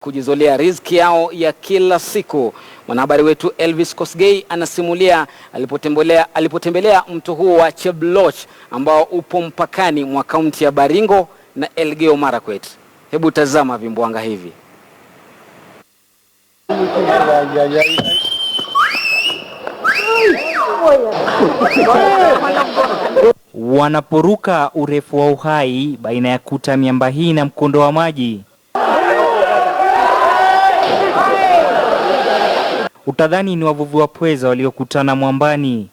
kujizolea riziki yao ya kila siku. Mwanahabari wetu Elvis Kosgei anasimulia alipotembelea, alipotembelea mto huo wa Chebloch ambao upo mpakani mwa kaunti ya Baringo na Elgeyo Marakwet. Hebu tazama vimbwanga hivi. Wanaporuka urefu wa uhai baina ya kuta miamba hii na mkondo wa maji utadhani ni wavuvi wa pweza waliokutana mwambani.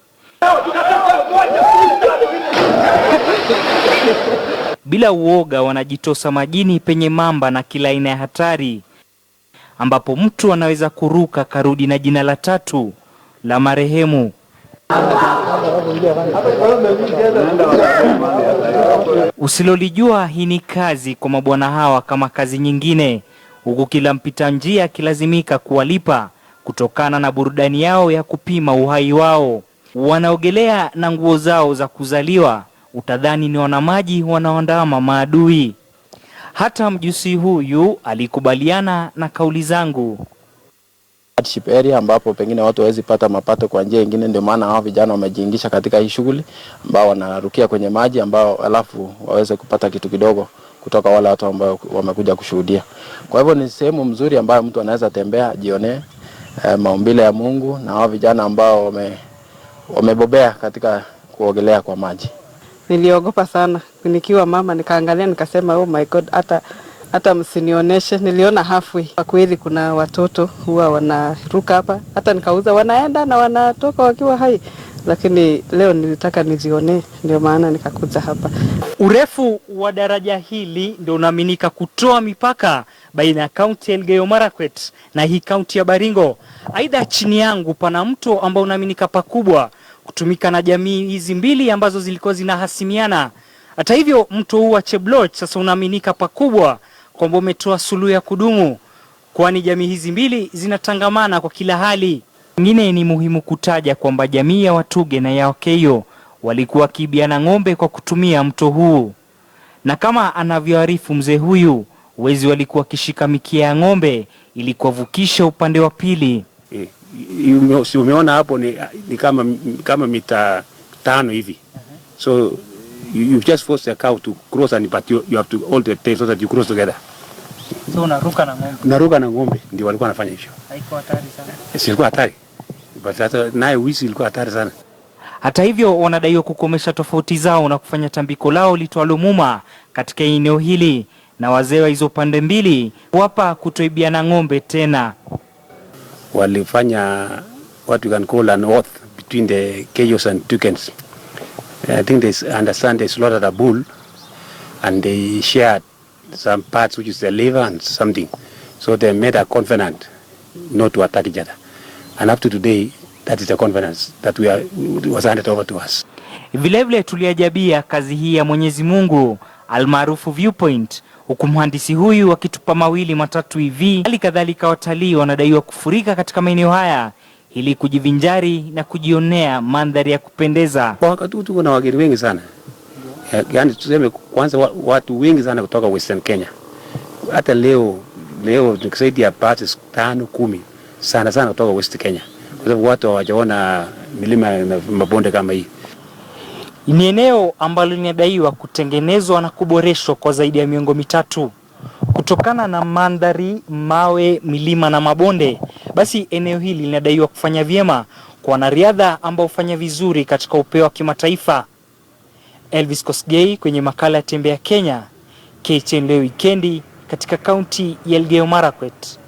Bila uoga wanajitosa majini penye mamba na kila aina ya hatari, ambapo mtu anaweza kuruka karudi na jina la tatu la marehemu. Usilolijua, hii ni kazi kwa mabwana hawa kama kazi nyingine, huku kila mpita njia akilazimika kuwalipa kutokana na burudani yao ya kupima uhai wao. Wanaogelea na nguo zao za kuzaliwa, utadhani ni wanamaji wanaoandama maadui. Hata mjusi huyu alikubaliana na kauli zangu. Hardship area ambapo pengine watu hawezi pata mapato kwa njia nyingine, ndio maana hao vijana wamejiingisha katika hii shughuli, ambao wanarukia kwenye maji, ambao alafu waweze kupata kitu kidogo kutoka wale watu ambao wamekuja kushuhudia. Kwa hivyo ni sehemu mzuri ambayo mtu anaweza tembea, jionee eh, maumbile ya Mungu na hao vijana ambao wame, wamebobea katika kuogelea kwa maji. Niliogopa sana nikiwa mama, nikaangalia nikasema, oh my God, hata hata msinioneshe. Niliona halfway. Kwa kweli kuna watoto huwa wanaruka hapa, hata nikauza, wanaenda na wanatoka wakiwa hai lakini leo nilitaka nizionee, ndio maana nikakuja hapa. Urefu wa daraja hili ndio unaaminika kutoa mipaka baina ya kaunti ya Elgeyo Marakwet na hii kaunti ya Baringo. Aidha, chini yangu pana mto ambao unaaminika pakubwa kutumika na jamii hizi mbili ambazo zilikuwa zinahasimiana. Hata hivyo, mto huu wa Chebloch sasa unaaminika pakubwa kwamba umetoa suluhu ya kudumu, kwani jamii hizi mbili zinatangamana kwa kila hali. Ngine ni muhimu kutaja kwamba jamii ya Watuge na ya Wakeyo walikuwa wakiibiana ng'ombe kwa kutumia mto huu, na kama anavyoarifu mzee huyu, wezi walikuwa wakishika mikia ya ng'ombe ili kuwavukisha upande wa pili. E, si umeona hapo ni, ni kama, kama mita tano hivi so you just force a cow to cross and but you, you have to hold the tail so that you cross together. So unaruka na ng'ombe, unaruka na ng'ombe, ndio walikuwa wanafanya hivyo. Haiko hatari sana, silikuwa hatari but hata naye wizi ilikuwa hatari sana. Hata hivyo wanadaiwa kukomesha tofauti zao na kufanya tambiko lao litwalo muma katika eneo hili, na wazee wa hizo pande mbili wapa kutoibiana ng'ombe tena. Walifanya what we can call an oath between the Kayos and Tukens. I think they understand they slaughtered a bull and they shared some parts which is the liver and something. So they made a covenant not to attack each other and up to today that is the confidence that we are, was handed over to us. Vilevile tuliajabia kazi hii ya Mwenyezi Mungu almaarufu Viewpoint, huku mhandisi huyu akitupa mawili matatu hivi. Hali kadhalika watalii wanadaiwa kufurika katika maeneo haya ili kujivinjari na kujionea mandhari ya kupendeza. Kwa wakati huu tuko na wageni wengi sana, yaani tuseme kwanza watu wengi sana kutoka Western Kenya. Hata leo leo tukisaidia pasi tano kumi sana sana kutoka West Kenya, kwa sababu watu hawajaona milima na mabonde kama hii. Ni eneo ambalo linadaiwa kutengenezwa na kuboreshwa kwa zaidi ya miongo mitatu kutokana na mandhari, mawe, milima na mabonde. Basi eneo hili linadaiwa kufanya vyema kwa wanariadha ambao hufanya vizuri katika upeo wa kimataifa. Elvis Kosgei kwenye makala ya Tembea Kenya, KTN leo wikendi katika kaunti ya Elgeyo Marakwet.